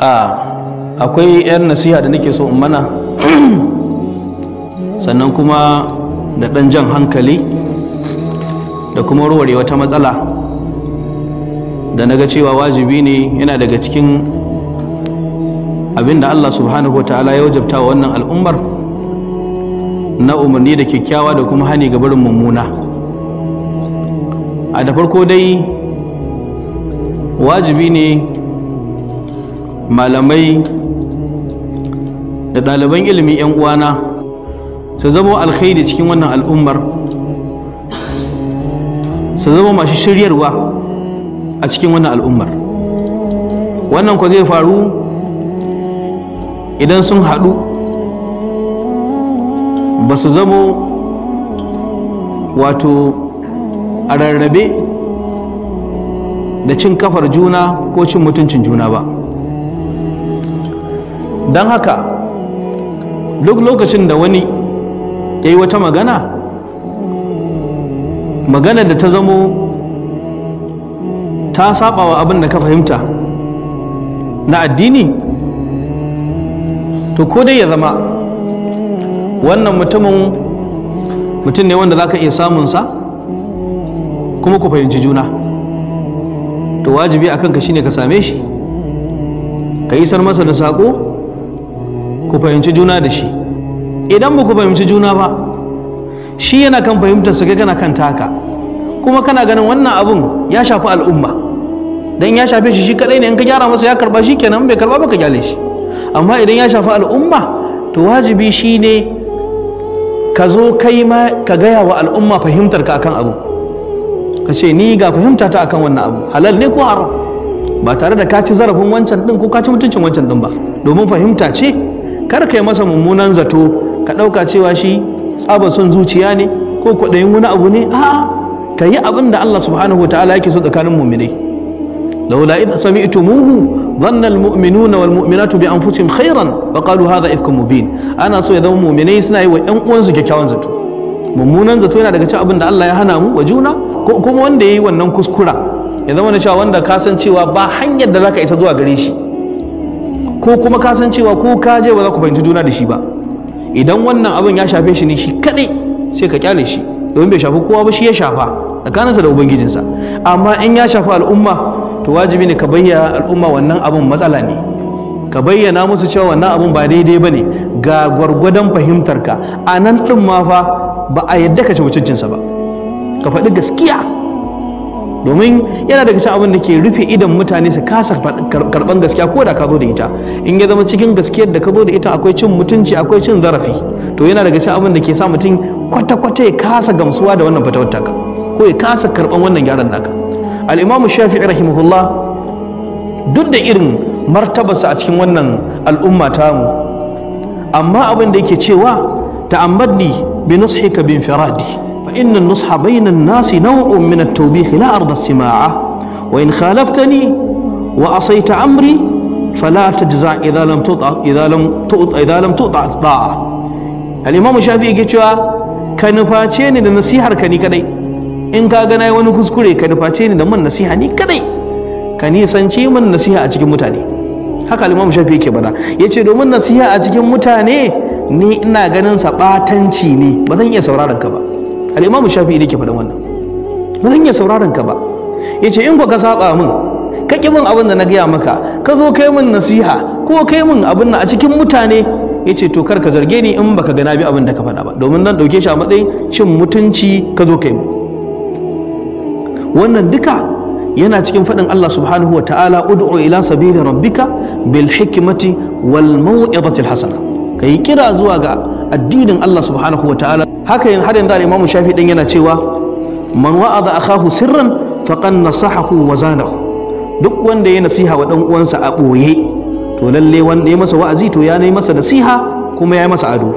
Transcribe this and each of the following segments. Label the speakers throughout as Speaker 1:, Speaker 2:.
Speaker 1: a akwai 'yan nasiha da nake so in mana sannan kuma da ɗan jan hankali da kuma warware wata matsala da naga cewa wajibi ne yana daga cikin abinda Allah subhanahu wa ta'ala ya wajabta wa wannan al'ummar na umarni da kyakkyawa da kuma hani ga barin mummuna a da farko dai wajibi ne malamai da ɗaliban ilimin 'yan uwana su zama alkhairi cikin wannan al'ummar su zama masu shiryarwa a cikin wannan al'ummar wannan kwa zai faru idan sun haɗu ba su zama wato a rarrabe da cin kafar juna ko cin mutuncin juna ba don haka duk lokacin da wani ya yi wata magana maganar da ta zamo ta saba wa abin da ka fahimta na addini to ko dai ya zama wannan mutumin mutum ne wanda za ka iya samunsa kuma ku fahimci juna to wajibi a kanka shine ka same shi ka isar masa da saƙo ku fahimci juna da shi idan ba ku fahimci juna ba shi yana kan fahimtar su gana kan taka kuma kana ganin wannan abun ya shafi al'umma dan ya shafe shi shi kadai ne in ka gyara masa ya karba shi kenan bai karba ba ka gyale shi amma idan ya shafi al'umma to wajibi shi ne ka zo kai ma ka gaya wa al'umma fahimtar ka akan abu ka ce ni ga fahimta ta akan wannan abu halal ne ko haram ba tare da ka ci zarafin wancan din ko ka ci mutuncin wancan din ba domin fahimta ce kar ka yi masa mummunan zato ka ɗauka cewa shi tsaba son zuciya ne ko kwaɗayin wani abu ne a ka yi abin da Allah subhanahu wa ta'ala yake so tsakanin muminai laula idh sami'tumuhu dhanna almu'minuna walmu'minatu bi anfusihim khairan wa qalu hadha ifkun mubin ana so ya zama muminai suna yi wa ƴan uwansu kyakkyawan zato mummunan zato yana daga cikin abin da Allah ya hana mu wa juna ko kuma wanda ya yi wannan kuskura ya zama na cewa wanda ka san cewa ba hanyar da zaka isa zuwa gare shi ko kuma ka san cewa ko ka je ba za ku fahimci juna da shi ba idan wannan abin ya shafe shi ne shi kaɗai sai ka kyale shi domin bai shafi kowa ba shi ya shafa tsakaninsa da ubangijinsa amma in ya shafi al'umma to wajibi ne ka bayyana al'umma wannan abin matsala ne ka bayyana musu cewa wannan abin ba daidai ba ne ga gwargwadon fahimtarka a nan ɗin ma fa ba a yadda ka ci mutuncinsa ba ka faɗi gaskiya domin yana daga cikin abin da ke rufe idan mutane su kasa karban gaskiya ko da ka zo da ita in ya zama cikin gaskiyar da ka zo da ita akwai cin mutunci akwai cin zarafi to yana daga cikin abin da ke sa mutum kwata-kwata ya kasa gamsuwa da wannan fatawar taka ko ya kasa karban wannan gyaran naka al-imamu shafi'i rahimahullah duk da irin martabarsa a cikin wannan al'umma mu amma abin da yake cewa ta'ammadni bi nushika bin firadi فإن النصح بين الناس نوع من التوبيخ لا أرضى السماعة وإن خالفتني وأصيت أمري فلا تجزع إذا لم تطع إذا لم تطع إذا لم تطع الطاعة الإمام الشافعي كيتشوا كان فاتين إن النصيحة كني كدي إن كان أي ونقص كري كان فاتشيني لمن نصيحة ني كدي كان يسانشي من النصيحة أشكي متاني هكذا الإمام الشافعي ke bada دوم النصيحة nasiha a ني إن ni ina ganin sa batanci ne ba zan al-imamu shafi'i ne ke faɗin wannan ba zan iya sauraron ka ba yace in ka saba min ka ƙi min abin da na gaya maka ka zo kai min nasiha ko kai min abin a cikin mutane yace to kar ka zarge ni in baka ga na bi abin da ka faɗa ba domin zan ɗauke shi a matsayin cin mutunci ka zo kai min. wannan duka yana cikin faɗin Allah subhanahu wa ta'ala ud'u ila sabili rabbika bil hikmati wal al hasana kai kira zuwa ga addinin Allah subhanahu wa ta'ala haka yin har yanzu al Shafi din yana cewa man wa'aza akahu sirran faqad nasahahu wa zanahu duk wanda ya nasiha wa dan uwansa a boye to lalle wanda ya masa wa'azi to ya nayi masa nasiha kuma ya yi masa ado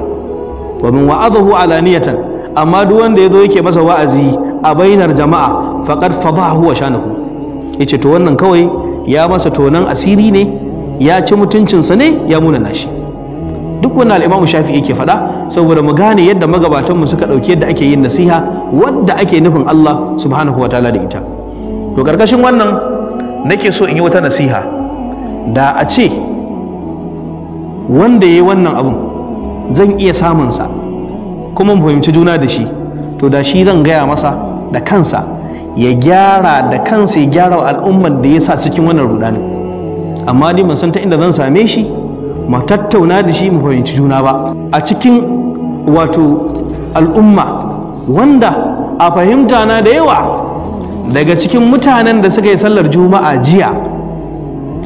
Speaker 1: wa min wa'adahu alaniyatan amma duk wanda ya zo yake masa wa'azi a bainar jama'a faqad fadahu wa shanahu yace to wannan kawai ya masa tonan asiri ne ya ci mutuncinsa ne ya munana shi duk wannan al'imamu shafi yake faɗa saboda mu gane yadda magabatanmu suka ɗauki yadda ake yin nasiha wadda ake nufin Allah subhanahu wa ta'ala da ita to karkashin wannan nake so in yi wata nasiha da a ce wanda ya yi wannan abun zan iya samun sa kuma mu fahimci juna da shi to da shi zan gaya masa da kansa ya gyara da kansa ya gyara wa al'ummar da ya sa cikin wannan rudani amma dai mun san ta inda zan same shi mu tattauna da shi mu fahimci juna ba a cikin wato al'umma wanda a fahimta na da yawa daga cikin mutanen da suka yi sallar juma'a jiya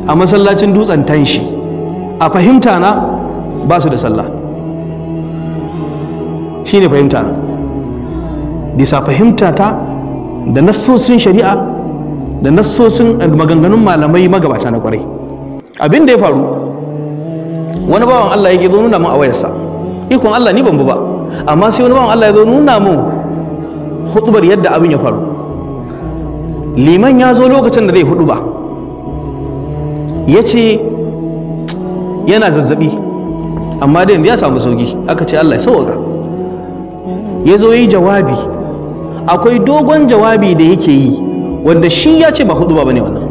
Speaker 1: a masallacin dutsen tanshi a fahimta na ba su da sallah shi ne fahimta na bisa fahimta ta da nassosin shari'a da nassosin maganganun malamai magabata na kwarai abin da ya faru wani bawan Allah yake zo nuna mu a wayarsa ikon Allah ni ban bu ba amma sai wani bawan Allah ya zo nuna mun hudubar yadda abin ya faru liman ya zo lokacin da zai hudu ba ya ce yana zazzabi amma da yanzu ya samu sauki aka ce Allah ya sauwaka ya zo yi jawabi akwai dogon jawabi da yake yi wanda shi ya ce ba hudu ba ne wannan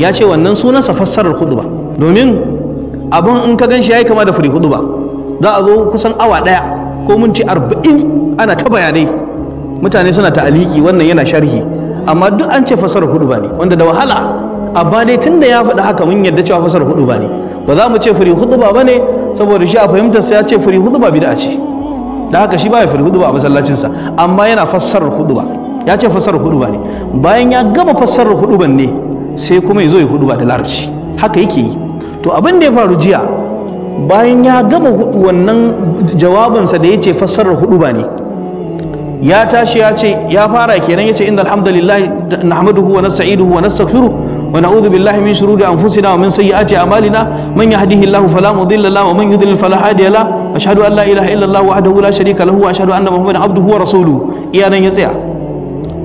Speaker 1: ya ce wannan sunansa fassarar hudu ba domin abin in ka gan shi ya yi kama da fari hudu ba za a zo kusan awa ɗaya ko minti arba'in ana ta bayanai mutane suna ta'aliki wannan yana sharhi amma duk an ce fasar hudu ba ne wanda da wahala amma dai tun da ya faɗi haka mun yarda cewa fasar hudu ba ne ba za mu ce fari hudu ba ne saboda shi a fahimtar sa ya ce fari hudu ba bid'a ce da haka shi baya fari hudu ba a sa amma yana fassarar hudu ba ya ce fassarar hudu ba ne bayan ya gama fassarar hudu ba ne sai kuma ya zo ya hudu ba da larabci haka yake yi to abin da ya faru jiya bayan ya gama wannan jawabinsa da ya ce fassarar hudu ba ne ya tashi ya ce ya fara kenan ya ce inda alhamdulillah na sa'idu huwa wa safiru wa uzu billahi min shururi anfusina wa min sayyiati a'malina man yahdihillahu fala mudilla lahu wa man yudlil fala hadiya a ashhadu an la ilaha illa allah wahdahu la sharika lahu wa ashhadu anna muhammadan abduhu wa rasuluhu iya nan ya tsaya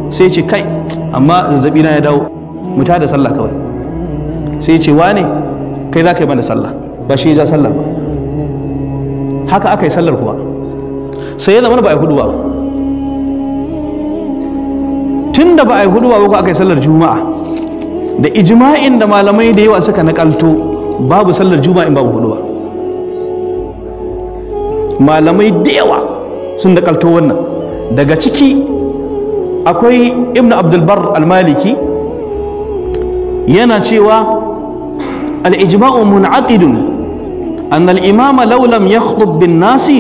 Speaker 1: sai ce kai amma zazzabi na ya dawo mu tada sallah kawai sai ce wane kai za ka yi mana sallah ba shi ya ja sallah ba haka aka yi sallar kuma sai ya zama ba a yi huduwa ba tun da ba a yi huduwa ba ko aka yi sallar juma'a da ijma'in da malamai da yawa suka nakalto babu sallar juma'a in babu huduwa malamai da yawa sun nakalto wannan daga ciki akwai ibnu abdulbar al-maliki yana cewa الإجماع منعقد أن الإمام لو لم يخطب بالناس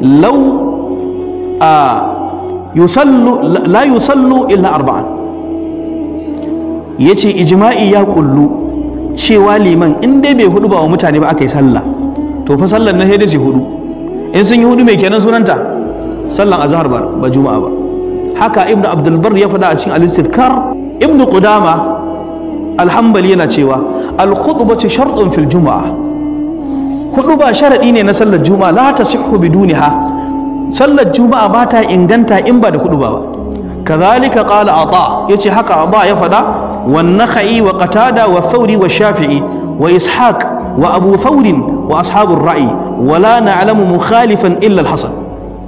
Speaker 1: لو آه، يصلوا لا يصلوا إلا أربعة يجي إجماع يا كلو شي والي من إندي بيهدو باو متعني بأكي سلا تو فسلا النهي دي سيهدو إن سن يهدو ميكي نسون أنت سلا أزهر بار بجمع با حكا ابن عبد البر يفدا أشين الاستذكار ابن قدامة alhambali yana cewa alkhutbatu shartun fil juma'a hudu ba sharadi ne na sallar juma'a la tasihhu biduniha sallar juma'a ba ta inganta in ba da hudu ba kazalika qala ata yace haka ata ya fada Wa nakhai wa qatada wa thawri wa shafi'i wa ishaq wa abu thawr wa ashabur ra'i wa la na'lamu mukhalifan illa al-hasan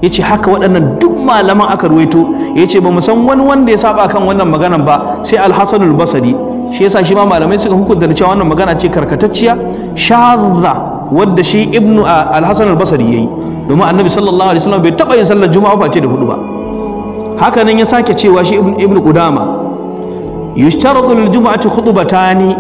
Speaker 1: yace haka waɗannan duk malaman aka ruwaito yace ba mu san wani wanda ya saba kan wannan maganan ba sai al-hasan al-basri shi yasa shi ma malamai suka hukunta cewa wannan magana ce karkatacciya shadha wadda shi ibnu al-hasan al-basri yayi domin annabi sallallahu alaihi wasallam bai taba yin sallar juma'a ba ce da hudu ba haka nan ya sake cewa shi ibnu Ibnu qudama yushtaratu lil jum'ati khutbatani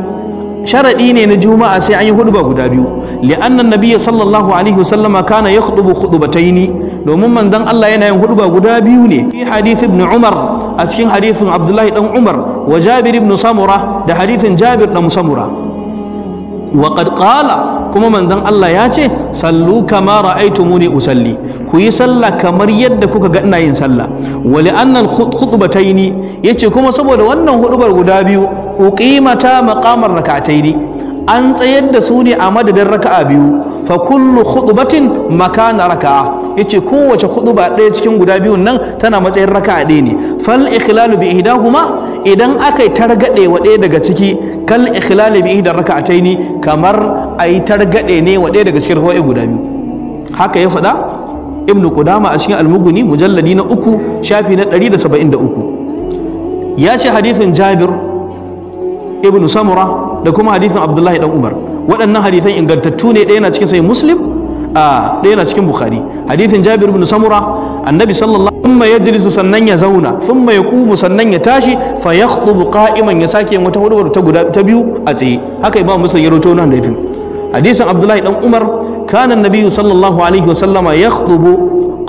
Speaker 1: sharadi ne na juma'a sai an yi hudu ba guda biyu li'anna nabiyyi sallallahu alaihi wasallama kana yakhdubu khutbataini domin manzon Allah yana yin hudu ba guda biyu ne fi hadith Ibnu umar a cikin hadithin abdullahi dan umar wa jabir ibn samura da hadithin jabir dan samura wa qad qala kuma manzon Allah ya ce sallu kama ra'aytumuni usalli ku yi sallah kamar yadda kuka ga ina yin sallah wa li'anna khutbataini yace kuma saboda wannan hudubar guda biyu uqimata maqamar rak'ataini an tsayar da su ne a madadin raka'a biyu fa kullu khutbatin makana raka'a yace kowace khutba ɗaya cikin guda biyun nan tana matsayin raka'a ɗaya ne fal ikhlalu bi ihdahuma idan aka yi targaɗe wa ɗaya daga ciki kal ikhlalu bi ihda raka'ataini kamar ayi targaɗe ne wa ɗaya daga cikin rawa'i guda biyu haka ya faɗa ibnu qudama a cikin almuguni mujalladi na uku shafi na 173 ya ce hadithin jabir ibnu samura da kuma hadithin abdullahi dan umar waɗannan hadithan ingantattu ne ɗaya na cikin sai muslim a ɗaya na cikin bukhari hadithin jabir bin samura annabi sallallahu sannan ya zauna thumma yaqumu sannan ya tashi fa yakhutubu qa'iman ya sake wata hudubar ta guda ta biyu a tsaye haka imam muslim ya rawaito hadithin hadisin abdullahi dan umar kana annabi sallallahu alaihi wasallama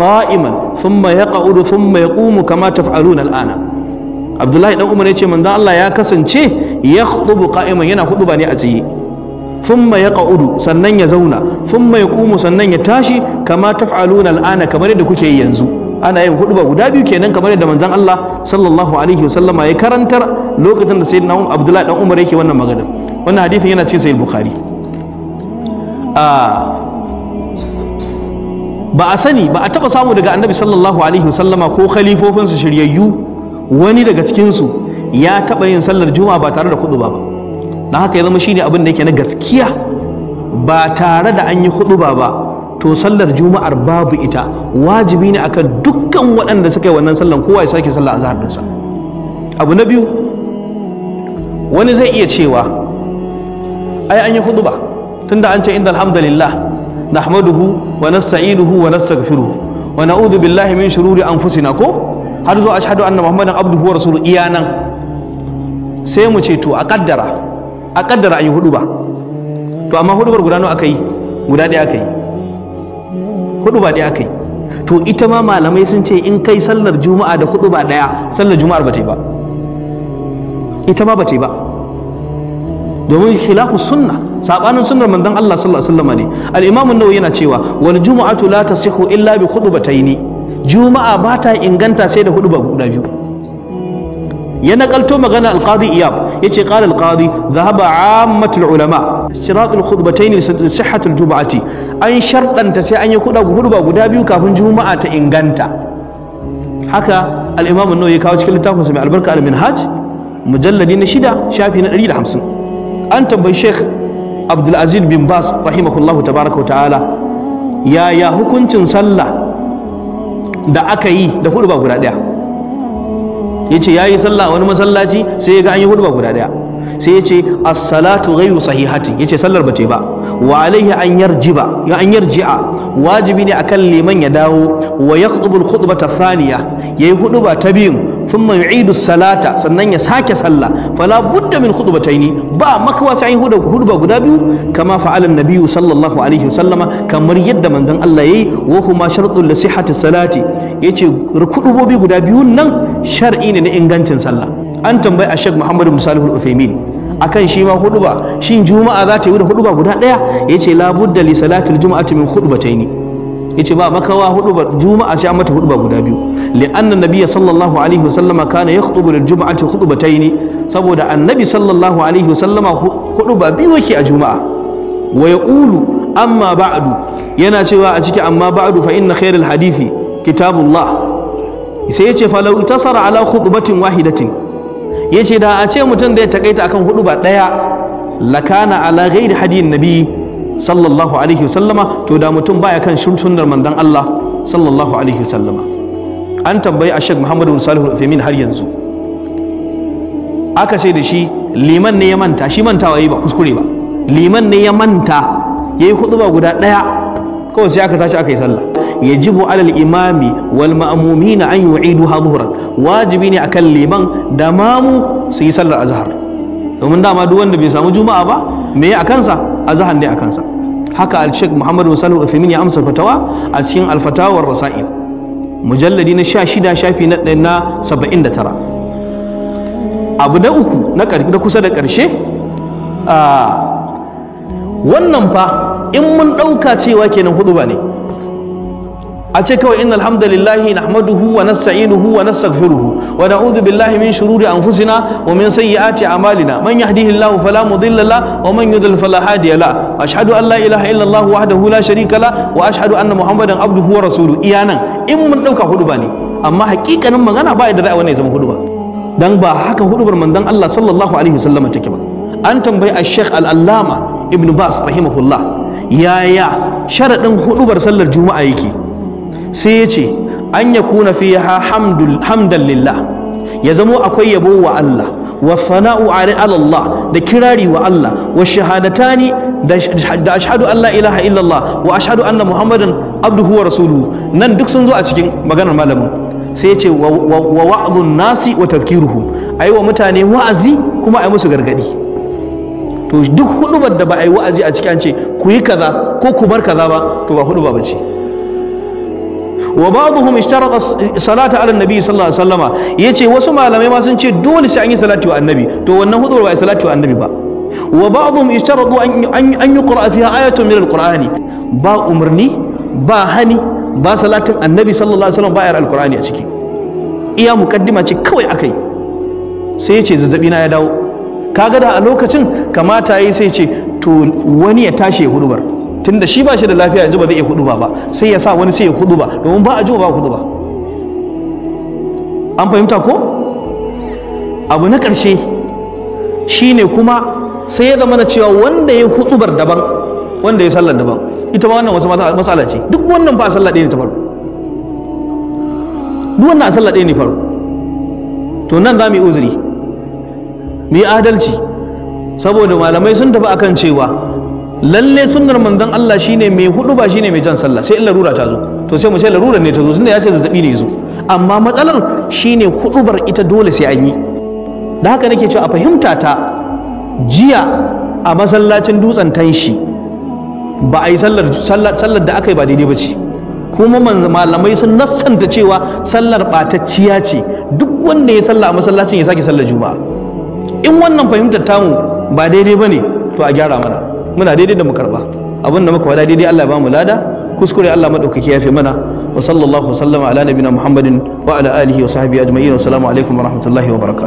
Speaker 1: qa'iman thumma thumma kama taf'aluna al'ana abdullahi dan umar ya ce manzo Allah ya kasance yakhdubu qa'iman yana huduba ne a tsaye ya yaq'udu sannan ya zauna ya yaqumu sannan ya tashi kama taf'aluna al'ana kamar yadda kuke yi yanzu ana yin ba guda biyu kenan kamar yadda manzon Allah sallallahu alaihi wasallama ya karantar lokacin da sayyidina Umar Abdullahi dan Umar yake wannan magana wannan hadifin yana cikin sahih Bukhari ah, ba a sani ba a taba samu daga annabi sallallahu alaihi wasallama ko khalifofinsu shiryayyu wani daga cikinsu ya taɓa yin sallar juma'a ba tare da hudu ba na haka ya zama shine abin da yake na gaskiya ba tare da an yi hudu ba to sallar juma'ar babu ita wajibi ne akan dukkan waɗanda suka yi wannan sallan kowa ya sake sallar azhar dinsa abu na biyu wani zai iya cewa ai an yi hudu ba tunda an ce inda alhamdulillah nahmaduhu wa nasta'inuhu wa nastaghfiruhu wa na'udhu billahi min shururi anfusina ko har zo ashhadu anna muhammadan abduhu wa rasuluhu iyanan sai mu ce to a kaddara a kaddara a yi hudu ba to amma hudu bar guda nawa aka yi guda ɗaya aka yi hudu ba ɗaya aka yi to ita ma malamai sun ce in kai sallar juma'a da hudu ba ɗaya sallar juma'ar ba ta yi ba ita ma ba ta yi ba domin khilafu sunna sabanin sunnar manzon Allah sallallahu alaihi wasallam ne al-Imam an-Nawawi yana cewa wal juma'atu la tasihu illa bi khutbataini juma'a ba ta inganta sai da hudu ba guda biyu ya nakalto magana alqadi iyab yace qala alqadi dhahaba ammatul ulama shirat alkhutbatayn li sihhat aljum'ati an sharɗanta sai an yi kuɗa hurba guda biyu kafin juma'a ta inganta haka al-imam an-nawawi kawo cikin littafin sa mai albarka al-minhaj mujalladi na shida shafi na 150 an tambayi sheikh abdul aziz bin bas rahimahullahu tabaraka wa ta'ala ya ya hukuncin sallah da aka yi da hurba guda ɗaya Ya ce ya yi sallah wani masallaci sai ya ga an yi hudba guda ɗaya sai ya ce as-salatu ghayru ya yace sallar bace ba wa alaihi an ba ya an a wajibi ne akan liman ya dawo wa ta saniya khutbata thaniya yayi hudba ta biyun thumma yu'idu salata sannan ya sake sallah fala budda min khutbataini ba makawa sai an huda hudba guda biyu kama fa'ala nabiyyu sallallahu alaihi wasallama kamar yadda manzon Allah yi wa ma shartun li sihhati salati yace rukudubobi guda biyu nan shar'i ne na ingancin sallah an tambayi ashek muhammadu musalihul uthaymin akan shi ma huduba shin juma'a za ta yi da huduba guda daya yace labudda li salatin juma'ati min khutbataini yace ba makawa hudu ba juma'a sha mata hudu ba guda biyu li'anna nabiyya sallallahu alaihi wasallama kana yakhutubu lil juma'ati khutbataini saboda annabi sallallahu alaihi wasallama hudu ba biyu yake a juma'a wa yaqulu amma ba'du yana cewa a ciki amma ba'du fa inna khairul hadithi kitabullah sai yace falau itasara ala khutbatin wahidatin yace da a ce mutum zai takaita akan hudu ba daya lakana ala ghairi hadiyin nabi sallallahu alaihi wasallama to da mutum baya kan sunnar manzon Allah sallallahu alaihi wasallama an tambayi a shek Muhammad bin Salih har yanzu aka ce da shi liman ne ya manta shi mantawa yi ba kuskure ba liman ne ya manta yayi ba guda daya kawai sai aka tashi aka yi sallah yajibu alal imami wal ma'mumina an yu'iduha dhuhran wajibi ne akan liman da mamu su yi sallar azhar domin dama duk wanda bai samu juma'a ba me a kansa Azahan ne a kansa haka al-sheikh muhammad musallu uthaymin ya amsa fatawa a cikin alfatawar fatawar rasail mujalladi na sha shida, shafi na na saba'in da tara. abu na uku na kusa da ƙarshe wannan fa in mun ɗauka cewa kenan hudu ba ne a ce kawai innal hamdalillahi nahmaduhu wa nasta'inuhu wa nastaghfiruhu wa na'udhu billahi min shururi anfusina wa min sayyiati a'malina man yahdihillahu fala mudilla la wa man yudlil fala hadiya la ashhadu an la ilaha illallah wahdahu la sharika la wa ashhadu anna muhammadan abduhu wa rasuluhu iyanan in mun dauka hudu ba ne amma hakikanin magana ba yadda za a wannan ya zama hudu ba dan ba haka hudubar manzon Allah sallallahu alaihi wasallam take ba an tambayi al-sheikh al-allama ibn bas rahimahullah yaya sharadin hudubar sallar juma'a yake sai ya ce an ya kuna fi ha hamdan ya zamo akwai yabo wa Allah wa sana'u ala Allah da kirari wa Allah wa shahadatani da ashhadu an la ilaha illallah wa ashhadu anna muhammadan abduhu wa rasuluhu nan duk sun zo a cikin maganar malamin sai ce wa wa'dhun nasi wa tadhkiruhum ayi wa mutane wa'azi kuma a ayi musu gargadi to duk hudubar da ba a yi wa'azi a cikin an ce ku yi kaza ko ku bar kaza ba to ba hudu ba bace wa ba'dhum ishtarata salata ala nabi sallallahu alaihi wasallama yace wasu malamai ma sun ce dole sai an yi salati wa annabi to wannan hudubar ba salati wa annabi ba wa ba'dhum ishtaratu an an yuqra fiha ayatun min alqur'ani ba umarni ba hani ba salatin annabi sallallahu alaihi wasallam ba ayar alqur'ani a ciki iya muqaddima ce kawai akai sai yace zazzabi na ya dawo kaga da a lokacin kamata yi sai ce to wani ya tashi ya hudubar tunda shi ba shi da lafiya yanzu ba zai iya hudu ba ba sai ya sa wani sai ya hudu ba domin ba a ji ba hudu ba an fahimta ko abu na ƙarshe shine kuma sai ya zama na cewa wanda ya bar daban wanda ya sallar daban ita ba wannan wasu matsala ce duk wannan ba a sallar ɗaya ne ta faru duk wannan a sallar ɗaya ne faru to nan za mu yi uzuri mu yi adalci saboda malamai sun tafi akan cewa lalle sunnar manzon Allah shine mai hudu ba shine mai jan sallah sai in larura ta zo to sai mu ce larura ne ta zo tunda ya ce zazzabi ne ya zo amma matsalar shine hudubar ita dole sai an yi da haka nake cewa a fahimta ta jiya a masallacin dutsen tanshi ba a yi sallar da aka yi ba daidai ba ce kuma malamai sun nassanta cewa sallar ɓatacciya ce duk wanda ya salla a masallacin ya sake sallar juma'a in wannan fahimtar tamu ba daidai ba ne to a gyara mana muna daidai da mu karba abin da muka faɗa daidai Allah ya bamu lada kuskure Allah madaukaki ya fi mana wa sallallahu sallama ala nabina muhammadin wa ala alihi wa sahbihi ajma'in wa salamu alaikum wa rahmatullahi wa barakatuh